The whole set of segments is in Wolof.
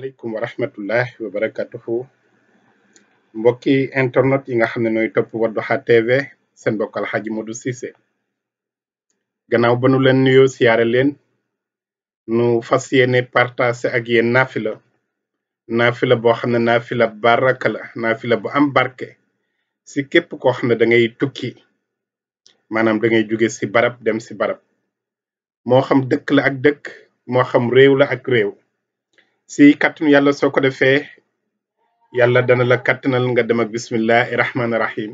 aleykum wa rahmatullahi wa barakatuhu mbokki internet yi nga xamne noy top topp Wadduha TV Sen bokal Haji Modou Cissé gannaaw banu nu nuyo siyaré len nu fasiyene yéene partage ak yeen nafila nafila bo xamne nafila baraka la nafila bu am barke si képp ko xamne manam da ngay tukki manam da ngay si barab dem si barab mo xam dekk la ak ham mo xam rew la ak rew si kàttanu yàlla soo ko defee yàlla dana la kàttanal nga dem ak bismillahi rahmaani rahim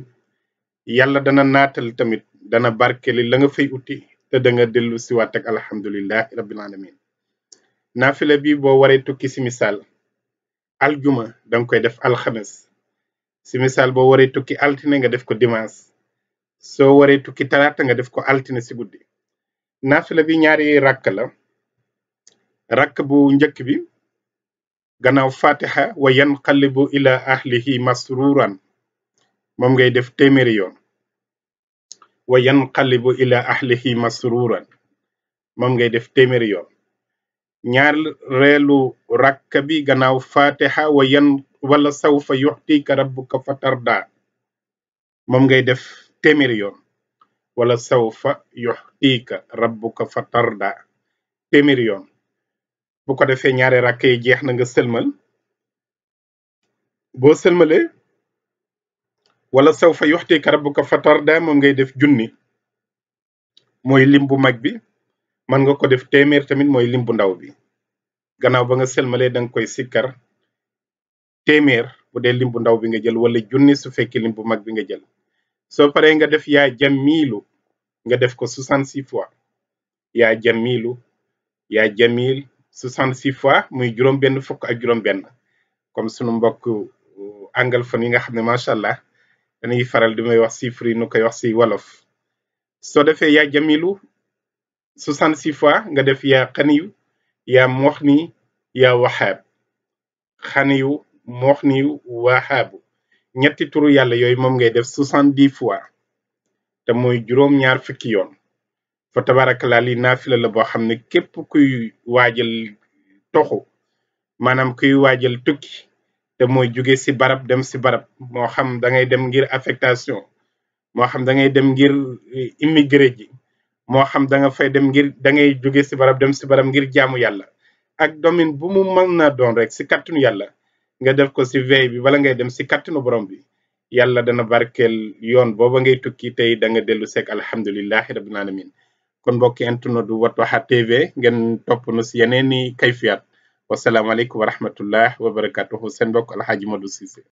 yàlla dana naatal tamit dana barkeli la nga fay uti te da nga dellu si waat ak alhamdulilahi rabbil alamin bi boo waree tukki si misaal aljuma danga koy def alxemes si misaal boo waree tukki altine nga def ko dimaas soo waree tukki talaata nga def ko altine si guddi naafila bi ñaari rakk la rakk bu njëkk bi gannaaw fatiha wa yanqalibu ila ahlihi masruran moom ngay def téeméeri yoon wa yanqalibu ila ahlihi masruran moom ngay def téeméeri yoon ñaareelu rakka bi gannaaw fatiha wala sawfa yuxtika rabbuka fatarda moom ngay def téeméeri yoon wala sawfa yuxtika rabbuka fatarda téeméeri bu ko defee ñaari rakk yi jeex na nga sëlmal boo sëlmalee wala saw fa yuxtika rabbuka fatarda moom ngay def junni mooy lim bu mag bi mën nga ko def téeméer tamit mooy lim bu ndaw bi gannaaw ba nga sëlmalee da nga koy sikkar téeméer bu dee lim bu ndaw bi nga jël wala junni su fekkee lim bu mag bi nga jël soo paree nga def yaa jamilu nga def ko 66 fois yaa jamilu yaa jamil 66 fois muy juroom benn fukk ak juróom benn comme sunu mbokk euh, anglophone yi nga xam ne macha allah dañuy faral di may wax chiffre yi nu koy wax si wolof soo defee yaa jamilu 66 fois nga def yaa xaniyu yaa moxni yaa waxaab xaniyu moxniyu waxaabu ñetti turu yàlla yooyu moom ngay def 70 fois te mooy juróom ñaar fukki yoon fa tabarakallah li nafila la boo xam ne képp kuy waajal toxu maanaam kuy waajal tukki te mooy jóge si barab dem si barab moo xam da ngay dem ngir affectation moo xam da ngay dem ngir e, immigré ji moo xam da nga fay dem ngir da ngay jóge si barab dem si barab ngir jaamu Yalla ak domine bu mu mën na rek si Yalla yàlla nga def ko si veille bi wala ngay dem si kàttanu borom bi yàlla dana barkeel yoon booba ngay tukki tey da nga dellu seeg alhamdulilahi rabbil alamin kon mbokki internet du Wadduha TV ngen topp nu si yeneen i wa wasalaamaaleykum wa rahmatullah wa barakatuhu seen mbokk Alhaji Modou Cissé